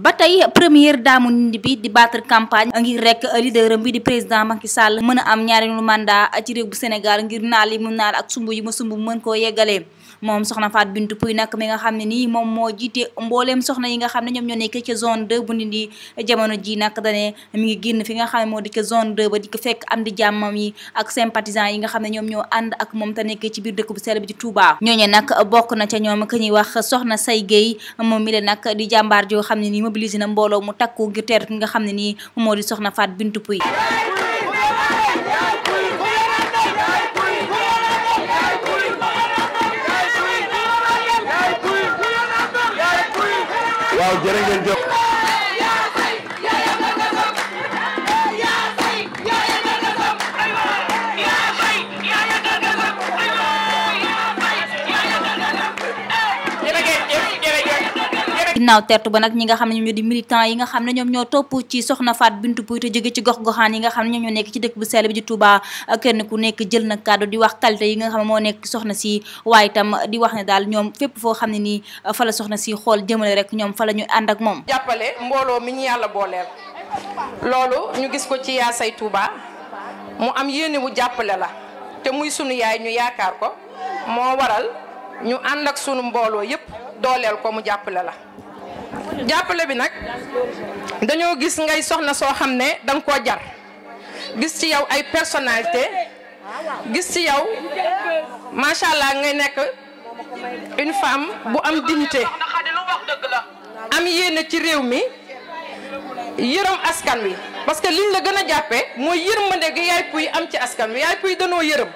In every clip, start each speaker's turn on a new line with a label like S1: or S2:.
S1: ba tey première daamu nit bi di battre campagne ngir rek leaderam bi di président Macky Sall mën a am ñaari mandat ci réew bu Sénégal ngir naal yi mu naal ak sumb yi ma sumb mën koo yeggaleem moom soxna Fatou Bintou Pouye nag mi nga xam ne nii moom moo jiite mbooleem soxna yi nga xam ne ñoom ñoo nekk ca zone 2 bu Ndindy jamono ji nag dane mi ngi génn fi nga xam ne moo di ca zone ba di ko fekk am di jàmmam yi ak yi nga xam ne ñoom ñoo ànd ak moom te nekkee ci biir dëkk bu seer bi ci Touba ñooñu nag bokk na ca ñoom ka ñuy wax soxna Say Gueye moom mi le nag di jàmbaar joo xam ne nii mobilisé na mbooloo mu takkoo ngir teer ki nga xam ne nii moo di soxna Fatou Bintou Pouye jërë ngeen jëf naaw tertu ba nag ñi nga xam ne ñoom ñoo di militant yi nga xam ne ñoom ñoo topp ci soxna Faat Bintou Pouye te jege ci gox goxaan yi nga xam ne ñoom ñoo nekk ci dëkk bu sell bi ci Touba kenn ku nekk jël na kàddu di wax qualité yi nga xam ne moo nekk soxna si waaye itam di wax ne daal ñoom fépp foo xam ne nii fa la soxna si xool jëmale rek ñoom fa la ñu ànd ak moom
S2: jàppale mbooloo mi ñu yàlla booleel loolu ñu gis ko ci yaa say Touba mu am yéene wu jàppale la te muy sunu yaay ñu yaakaar ko moo ñu ànd ak sunu mbooloo yépp dooleel ko mu jàppale la jàppale bi nag dañoo gis ngay soxna soo xam ne danga koo jar gis ci yow ay personnalité
S3: gis ci yow
S4: macha allah ngay
S2: nekk une femme bu am dignité am yéene ci réew mi yërëm askan wi parce que liñ la gën a jàppee mooy yërmande gi yaay puy am ci askan wi yaay puy danoo yërëm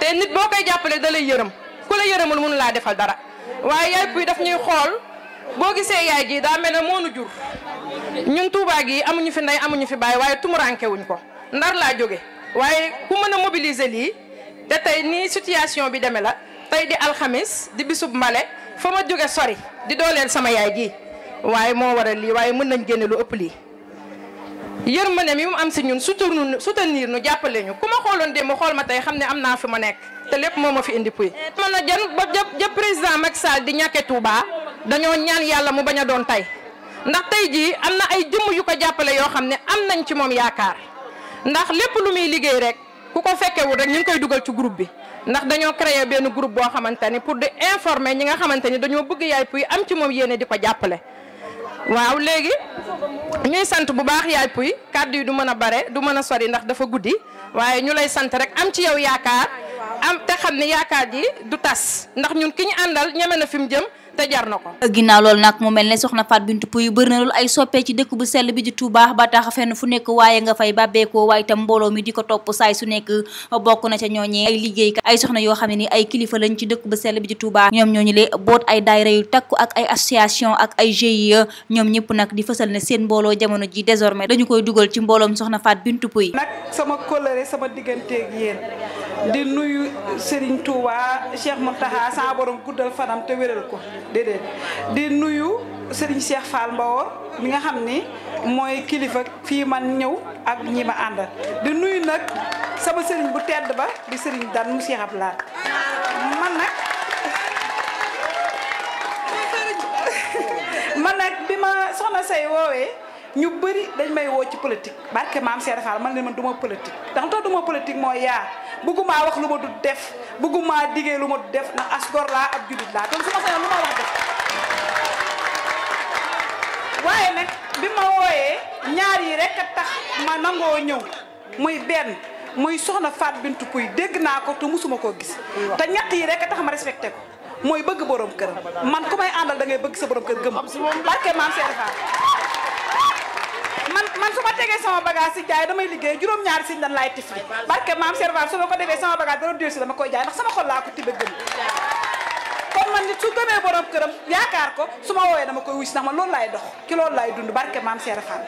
S2: te nit boo koy jàppale dala yërëm ku la yërëmul mënu laa defal dara waaye yaay puy daf ñuy xool boo gisee yaay ji daa na ne moonu jur ñun Touba gi amuñu fi ndey amuñu fi baay waaye tumuranke wuñ ko ndar laa jóge waaye ku mën a mobiliser lii te tey nii situation bi demee la tey di alxamis di bisub mbale fa ma jóge sori di dooleel sama yaay ji waaye moo waral lii waaye mën nañ génne lu ëpp lii ma ne mu am si ñun suturnu soutenir nu jàppale ñu ku ma xooloon démb xool ma tey xam ne am naa fi ma nekk te lépp moo ma fi indi puy mën a jan ba ja président Macky Sall di ñàkke Touba dañoo ñaan yàlla mu bañ a doon tey ndax tey jii am na ay jëmm yu ko jàppale yoo xam ne am nañ ci moom yaakaar ndax lépp lu muy liggéey rek ku ko fekkewul rek ñu koy dugal ci groupe bi ndax dañoo créer benn groupe boo xamante ni pour di informer ñi nga xamante ni dañoo bëgg yaay puy am ci moom yéene di ko jàppale waaw léegi ñuy sant bu baax yaay puy kàddu yi du mën a bare du mën a sori ndax dafa guddi waaye ñu lay sant rek am ci yow yaakaar
S1: am te xam ne yaakaar ji du tas ndax ñun ki ñu àndal ñeme na fi mu jëm te jar na ko ginnaaw loolu nag mu mel ne soxna Fatou Bintou Pouye bëri na loolu ay soppee ci dëkk bu sell bi di Touba ba tax fenn fu nekk waaye nga fay bàbbeekoo waaye itam mbooloo mi di ko topp saay su nekk bokk na ca ñooñee ay liggéeykat ay soxna yoo xam ne ni ay kilifa lañ ci dëkk bu sell bi di Touba ñoom ñooñu le boot ay daayira yu takku ak ay association ak ay GIE ñoom ñëpp nag di fësal ne seen mbooloo jamono ji désormais dañu koy dugal ci mbooloom soxna Fatou Bintou Pouye
S3: di nuyu sëriñ tuuwa Cheikh Mountakha sa borom guddal fanam te wéral ko déedéet di nuyu sëriñ Cheikh Fall Mbaor mi nga xam ni mooy kilifa fii man ñëw ak ñi ma àndal di nuyu nag sama Serigne bu tedd ba di Serigne Dan mu Cheikh Abdoulaye man nag man nag bi ma soxna say woowee ñu bëri dañ may woo ci politique barke maam Cheikh Fall man ne man du ma politique ndax du ma politique mooy yaa bëggumaa wax lu ma du def bëggumaa digee lu ma du def ndax asgor laa ab julit laa kon su ma sañoon lu ma wax def waaye nag bi ma wooyee ñaar yi rek a tax ma nangoo ñëw muy benn muy soxna Faat Bintu Puy dégg naa ko te musuma koo gis te ñett yi rek a tax ma respecté ko mooy bëgg borom këram man ku may àndal dangay bëgg sa borom kër gëm barke maam Seere Faal man su ma tegee sama bagage si jaay damay liggéey juróom-ñaari siñ dan laay tifli barke maam serval su ma ko defee sama bagage dara dil si dama koy jaay ndax sama xol ko tibe gëm su gëmee borom këram yaakaar ko su ma woowee dama koy wuy si ndax laay dox ci loolu laay dund barke maam serafal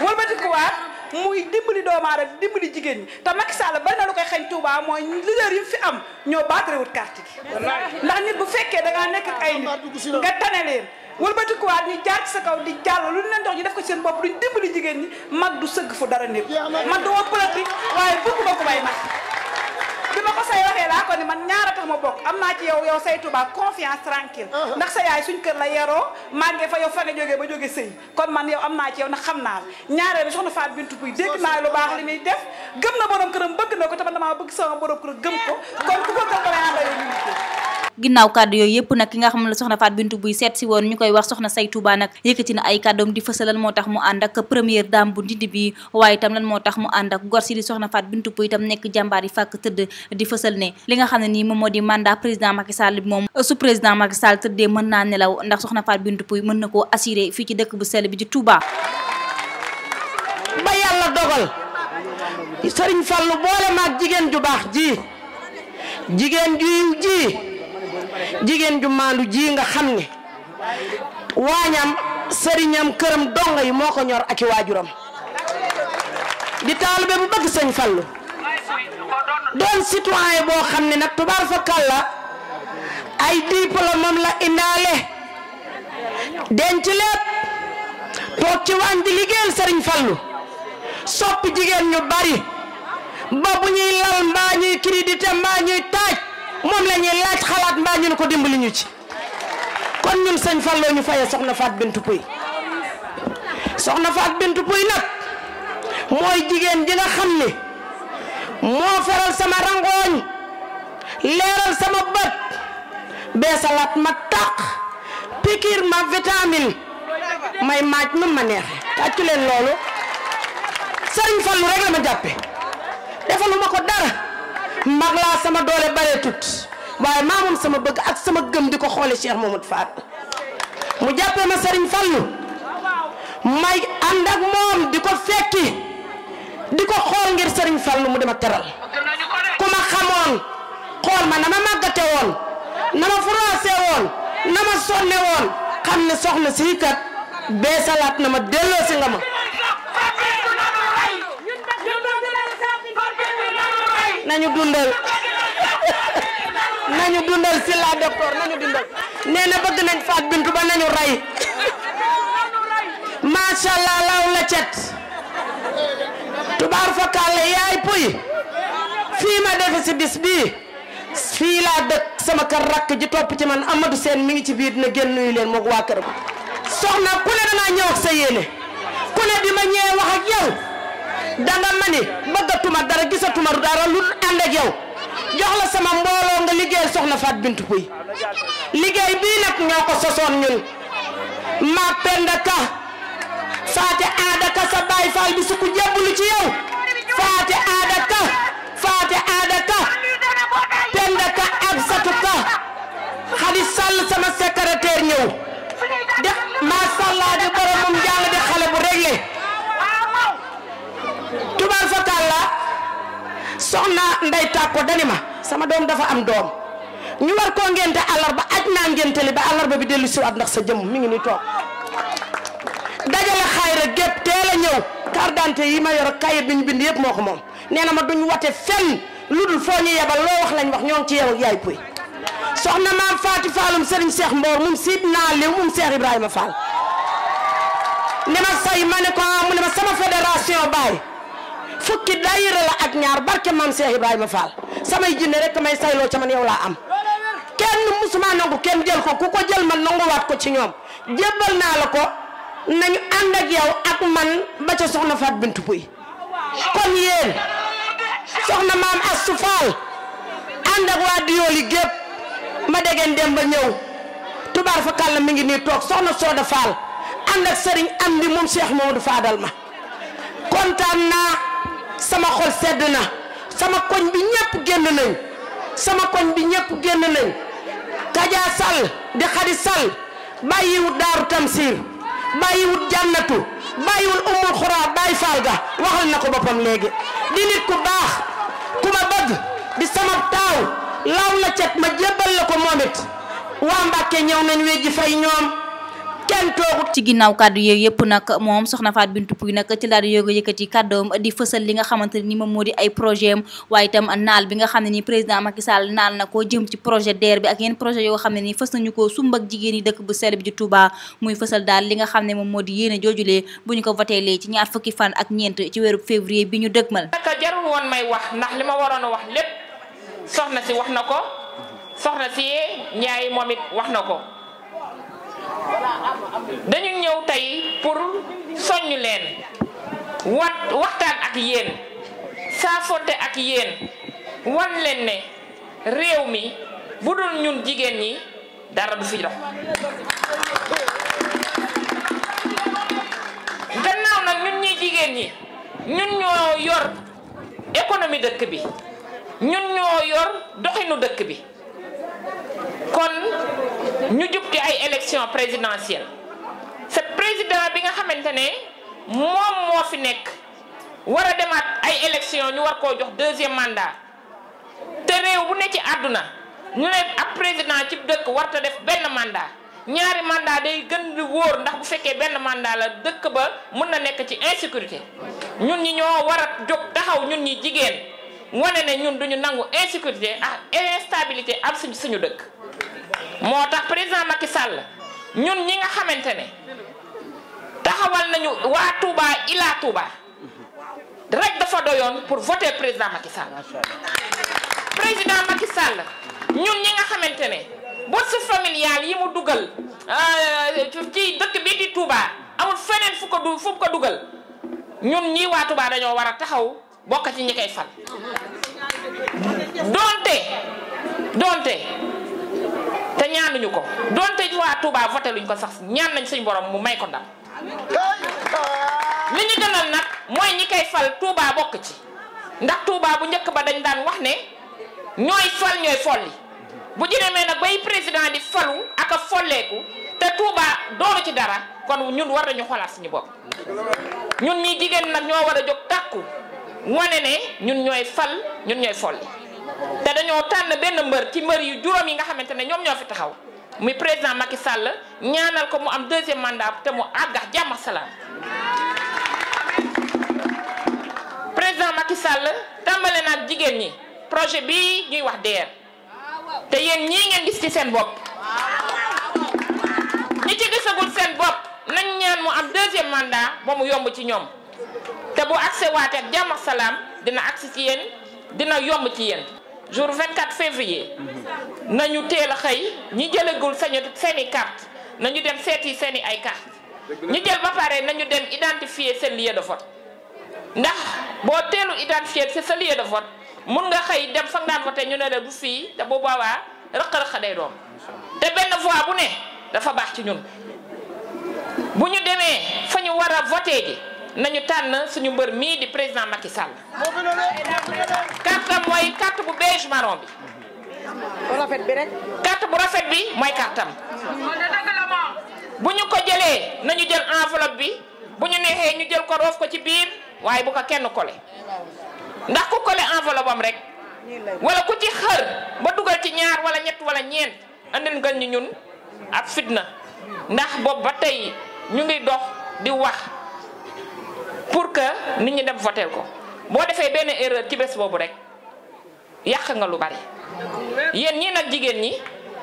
S3: wëlbatikuwaat muy doomaa doomu aadama dimbali jigéen ñi te Macky Sall bari na lu koy xañ Touba mooy leader yi fi am ñoo baatarewut carte gi ndax nit bu fekkee da ngaa nekk ay nit nga tane leen wëlbatikuwaat ñu jaar ci sa kaw di jàll lu ñu leen dox ñu def ko seen bopp duñ dimbali jigéen ñi mag du sëgg fu dara nekk man du ma politique waaye bëgg ma ko bay mag bi ma ko tax ma bokk am naa ci yow yow say tubaab confiance tranquille ah. ndax sa yaay suñ kër la yeroo màggee fa yow fa nga jógee ba jóge sëy kon man yow am naa ci yow ndax xam naa la ñaareel bi soxna Faat Bintu
S1: Puy dégg naa lu baax li muy def gëm na borom këram
S3: bëgg na ko te man damaa bëgg sama borom këram gëm ko kon ku ko gëm ko lay ànda
S1: yow ginnaaw kàddu yooyu yëpp nag ki nga xam ne soxna Fatou Bintou Bouye seet si woon ñu koy wax soxna say Touba nag yëkkati ay kàddoom di fësal lan moo tax mu ànd ak première dame bu Ndindi bi waaye itam lan moo tax mu ànd ak gor si soxna Fatou Bintou Bouye itam nekk jàmbaar yi fàkk tëdd di fësal ne li nga xam ne nii moom moo di mandat président Macky Sall moom su président Macky Sall tëddee mën naa nelaw ndax soxna Fatou Bintou Bouye mën na koo assuré
S3: jigéen
S4: ju maandu ji nga xam ne waañam sëriñam këram donga yi moo ko ñor ak waajuram di taalibe bu bëgg sëñ Fallu doon citoyen boo xam ne nag tubaar fa kàlla ay diplôme moom la indaale denc lépp toog ci waañ di liggéeyal sëriñ Fallu soppi jigéen ñu bari ba bu ñuy lal mbaa ñuy crédité mbaa ñuy taaj moom la ñuy laaj xalaat mbaa ñu ne ko dimbali ñu ci kon ñun sëñ Fallou ñu fayee soxna Faat Bintu Puy soxna Faat Bintu Puy nag mooy jigéen ji nga xam ne moo feral sama rangooñ leeral sama bët beesalaat ma taq pikiir ma vitamine may maaj nu ma neexe tàccu leen loolu sëriñ Fallou rek la ma jàppe defaluma ko dara mag laa sama doole baree tut waaye maa sama bëgg ak sama gëm di ko xoole Cheikh Mamadou Fall mu jàppee ma Serigne Fallou may ànd ak moom di ko fekki di ko xool ngir Serigne Fallou mu dama teral ku ma xamoon xool ma na ma màggate woon na ma froissé woon na ma sonne woon xam ne soxna sii kat beesalaat na ma delloosi nga ma nañu dundal nañu dundal si la docteur nañu dundal nee na bëgg nañ faat bintu ba nañu rey macha la cet tubaar fakkaale yaay puy fii ma defe si bis bii fii laa dëkk sama kër rakk ji topp ci man Amadou Seen mi ngi ci biir dina génn nuyu leen moog waa këram soxna ku ne ñëw ak sa yéene ku bi ma ñëwee wax ak yow danga ma ni bëggatuma dara gisatuma dara lu ànd ak yow jox la sama mbooloo nga liggéey soxna Fat Bintou Pouye liggéey bii nag ñoo ko sosoon ñun ma penda ka faate aada ka sa baay faal bi su ko jébbalu ci yow faate aada ka faate aada ka penda ka absatu ka xadi sàll sama secrétaire ñëw nday tàkko dani ma sama doom dafa am doom ñu war koo ngente àllarba aj naa ngente li ba àllarba bi dellu siwaat ndax sa jëmm mi ngi ni toog dajale xayra gépp teel a ñëw carte d'identité yi ma yor ak bi ñu bind yëpp moo ko moom nee na ma duñ wate fenn lu dul foo ñu yebal loo wax lañ wax ñoo ngi ci yow ak yaay puy soxna maam Faati Faalum Serigne Cheikh Mboor mum siit naa liw mum Cheikh Ibrahima Fall ne ma say ma ne ko mu ne ma sama fédération baay fukki daayira la ak ñaar barke maam Cheikh Ibrahima Fall samay jinne rek may sayloo ca man yow laa am kenn musuma nangu kenn jël ko ku ko jël man nanguwaat ko ci ñoom jébbal naa la ko nañu ànd ak yow ak man ba ca soxna Fat Bintou Pouye kon yéen soxna maam Astou Fall ànd ak waa Diyoli gépp ma dégeen dem ba ñëw tubaar fa kàll mi ngi nii toog soxna Sooda Fall ànd ak sëriñ am bi moom Cheikh Mamadou Fadal ma kontaan naa sama xol sedd na sama koñ bi ñëpp génn nañ sama koñ bi ñëpp génn nañ Kaja Sall di Xadi Sall bàyyiwut Daaru Tamsir bàyyiwut jànnatu bàyyiwul umul xuraa bàyyi faal ga waxal na ko boppam léegi di nit ku baax ku ma bëgg di sama taaw
S1: laaw la cet ma jébbal la ko moom it waa Mbàkke ñëw nañ wejji fay ñoom kenn toogut ci ginnaaw kàddu yooyu yëpp moom soxna Fatou Binetou Pouye nag ci daal di yooga yëkkati kàddoom di fësal li nga xamante ni moom moo di ay projet am nga xam ne ni fës nañu ko sumb ak jigéen yi dëkk bu sell bi di Touba muy fësal daal li nga xam ne moom moo di yéene joojulee bu ñu ko voteelee ci ñaar fukki fan ak ñeent ci weeru février bi ñu dëgmal naka
S5: ndax li ma waroon a wax lépp soxna si wax na ko soxna si Ndiaye moom wax na ko dañu ñëw tey pour soññ leen wat waxtaan ak yéen saafonte ak yéen wan leen ne réew mi bu dul ñun jigéen ñi dara du fi dox gannaaw nag ñun ñuy jigéen ñi ñun ñoo yor économie dëkk bi ñun ñoo yor doxinu dëkk bi kon ñu jub ci ay élection présidentielle ce président bi nga xamante ne moom moo fi nekk war a demaat ay élection ñu war koo jox deuxième mandat te réew bu ne ci àdduna ñu ne ab président ci dëkk war ta def benn mandat ñaari mandat day gën di wóor ndax bu fekkee benn mandat la dëkk ba mun na nekk ci insécurité ñun ñi ñoo war a jóg taxaw ñun ñi jigéen wane ne ñu duñu nangu insécurité ak instabilité am suñu dëkk moo tax président Macky Sall ñun ñi nga xamante ne taxawal nañu waa Touba ila Touba rek dafa doyoon pour voter président Macky Sall. président Macky Sall ñun ñi nga xamante ne bourse familiale yi mu dugal euh, ci dëkk bii di Touba amul feneen fu ko ko dugal ñun ñii waa Touba dañoo war a taxaw bokk ci ñi koy fal donte donte. ñaanuñu ko donte waa Touba voté luñ ko sax ñaan nañ suñ borom mu may ko ndam li ñu ñi koy fal Touba bokk ci ndax Touba bu njëkk ba dañ daan wax ne ñooy fal ñooy folli bu ñu demee nag bay président di falu ak a folleeku te Touba doonu ci dara kon ñun war nañu xolaat suñu bopp ñun ñi jigéen nag ñoo war a jóg tàkku wane ne ñun ñooy fal ñun ñooy folli te dañoo tànn benn mbër ci mbër yu juróom yi nga xamante ne ñoom ñoo fi taxaw muy président Macky Sall ñaanal ko mu am deuxième mandat te mu àggax jàmm ak salaam président Macky Sall tàmbale na jigéen ñi projet bi ñuy wax DER te yéen ñii ngeen gis ci seen bopp ñi ci gisagul seen bopp nañ ñaan mu am deuxième mandat ba mu yomb ci ñoom te bu agsi waatee ak jàmm ak dina agsi ci yéen dina yomb ci yéen jour vingt quatre février nañu teel a xëy ñi jëlagul sañu seeni i nañu dem seeti seen i ay carte ñi jël ba pare nañu dem identifier seen lieu de vote ndax boo teelu identifier si sa lieu de vote mun nga xëy dem fa naan daan ñu ne la du fii te bu boobaa rëq-rëq day doom te dafa baax ci ñun bu ñu demee fa ñu war a voté gi nañu tànn suñu mbër mii di président Macky Sall. kartam mooy carte bu beige marron bi. rafet bi rek. carte bu
S4: rafet bi mooy
S5: kartam bu ñu ko jëlee nañu jël enveloppe bi bu ñu neexee ñu jël ko roof ko ci biir waaye bu ko kenn kole ndax ku kole enveloppe am rek
S3: wala ku ci xër
S5: ba dugal ci ñaar wala ñett wala ñeent andil nga ñu ñun ak fitna ndax boobu ba tey ñu ngi dox di wax. pour que nit ñi dem voteel ko boo defee benn erreur ci bés boobu rek yàq nga lu bari yéen ñii nag jigéen ñi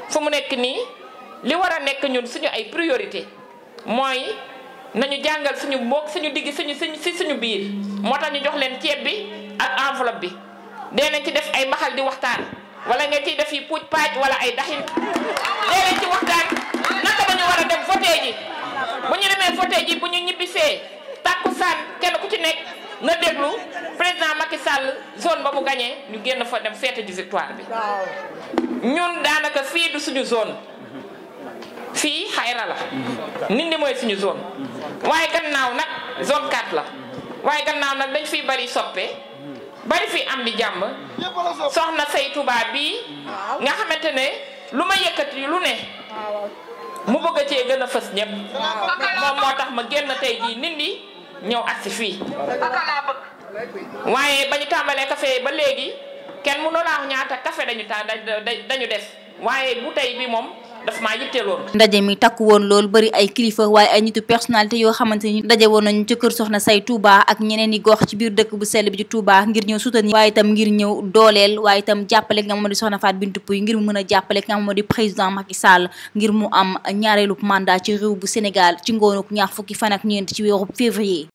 S5: fu mu nekk nii li war a nekk ñun suñu ay priorité mooy nañu jàngal suñu mbokk suñu digg suñu suñu si suñu biir moo tax ñu jox leen ceeb bi ak enveloppe bi dee nañ ci def ay mbaxal di waxtaan wala nga ciy def yi puuj paaj wala ay daxin dee nañ ci waxtaan naka dañu war a dem voté ji
S3: bu ñu demee voté
S5: ji bu ñu ñibbisee tàkkusaan kenn ku ci nekk na déglu président Macky sàll zone ba mu gañee ñu génn fa dem fête di victoire bi ñun daanaka fii du suñu zone fii xayra la nit ñi mooy suñu zone waaye gannaaw nag zone 4 la waaye gannaaw nag dañ fi bari soppe bari fi am di jàmm soxna say Touba bii nga xamante ne lu ma yëkkati lu ne mu bëgg cee gën a fës ñëpp moom moo tax ma génn tey jii nit ñi ñëw agsi fii waaye ba ñu tàmbalee café ba léegi kenn mënulaa ñaata kafe dañu dañu def waaye bu tey bii moom daf maa yitteeloon ndaje
S1: mi takku woon loolu bëri ay kilifa waaye ay nitu personnalité yoo xamante ni ndaje woon nañu ci kër soxna say Touba ak ñeneen i gox ci biir dëkk bu sell bi ci Touba ngir ñëw soutenir waaye itam ngir ñëw dooleel waaye itam jàppale nga moo di soxna Fatou Bintou Pouye ngir mu mën a jàppale nga moo di président Macky Sall ngir mu am ñaareelu mandat ci réew bu Sénégal ci ngoonuk ñaar fukki fan ak ñeent ci weeru février